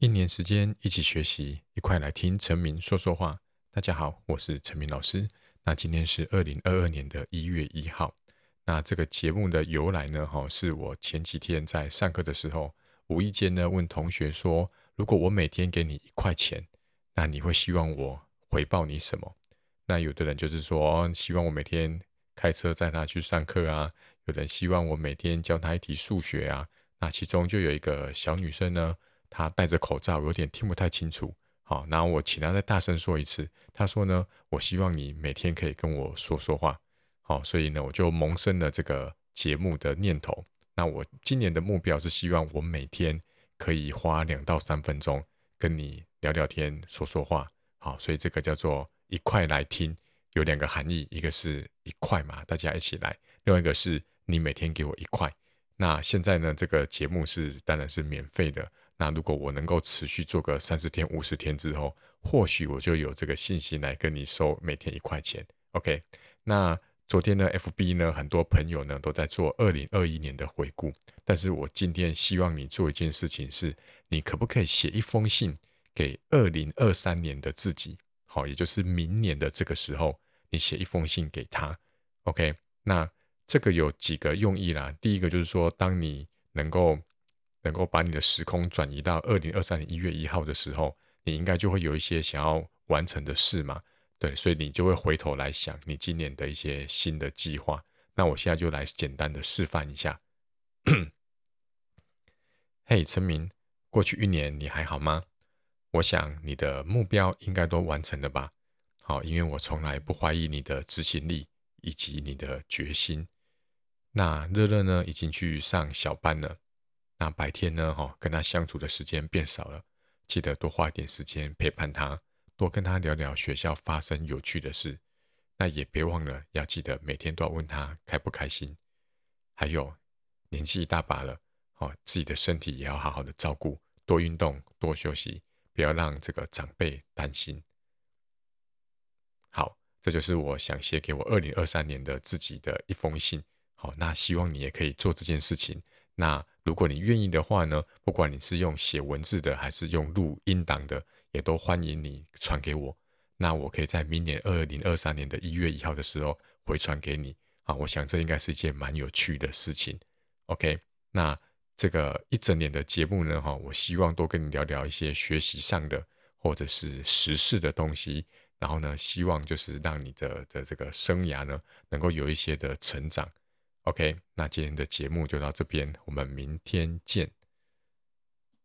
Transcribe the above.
一年時間，一起學習，一塊來聽陳明說說話。大家好，我是陳明老師。那今天是二零二二年的一月一號。那這個節目的由來呢？哈、哦，是我前幾天在上課的時候，無意間呢問同學說：“如果我每天給你一塊錢，那你會希望我回報你什麼？”那有的人就是說：“哦、希望我每天開車載他去上課啊。”有人希望我每天教他一題數學啊。那其中就有一個小女生呢。他戴着口罩，有點聽不太清楚。好，那我請他再大聲說一次。他說呢：“我希望你每天可以跟我說說話。”好，所以呢，我就萌生了這個節目的念頭。那我今年的目標是希望我每天可以花兩到三分鐘跟你聊聊天、說說話。好，所以這個叫做一塊來聽，有兩個含義：一個是一塊嘛，大家一起來；另外一個是你每天給我一塊。那現在呢，這個節目是當然是免費的。那如果我能夠持續做個三十天、五十天之後，或許我就有這個信心來跟你收每天一塊錢。OK，那昨天呢，FB 呢，很多朋友呢都在做二零二一年的回顧，但是我今天希望你做一件事情是，是你可不可以寫一封信給二零二三年的自己？好，也就是明年的這個時候，你寫一封信給他。OK，那這個有幾個用意啦，第一個就是說，當你能夠。能夠把你的時空轉移到二零二三年一月一號的時候，你應該就會有一些想要完成的事嘛？對，所以你就會回頭來想你今年的一些新的計劃。那我現在就來簡單的示範一下。嘿，陳 明，hey，過去一年你還好嗎？我想你的目標應該都完成了吧？好，因為我從來不懷疑你的執行力以及你的決心。那樂樂呢，已經去上小班了。那白天呢，哈，跟他相處的時間變少了，記得多花一點時間陪伴他，多跟他聊聊學校發生有趣的事。那也別忘了要記得每天都要問他開不開心。還有，年紀一大把了，好，自己的身體也要好好的照顧，多運動，多休息，不要讓這個長輩擔心。好，這就是我想寫給我二零二三年的自己的一封信。好，那希望你也可以做這件事情。那。如果你願意的話呢，不管你是用寫文字的還是用錄音檔的，也都歡迎你傳給我。那我可以在明年二零二三年的一月一號的時候回傳給你。啊，我想這應該是一件蠻有趣的事情。OK，那這個一整年的節目呢，哈、哦，我希望多跟你聊聊一些學習上的或者是時事的東西。然後呢，希望就是讓你的的這個生涯呢，能夠有一些的成長。OK，那今天的節目就到這邊，我們明天見。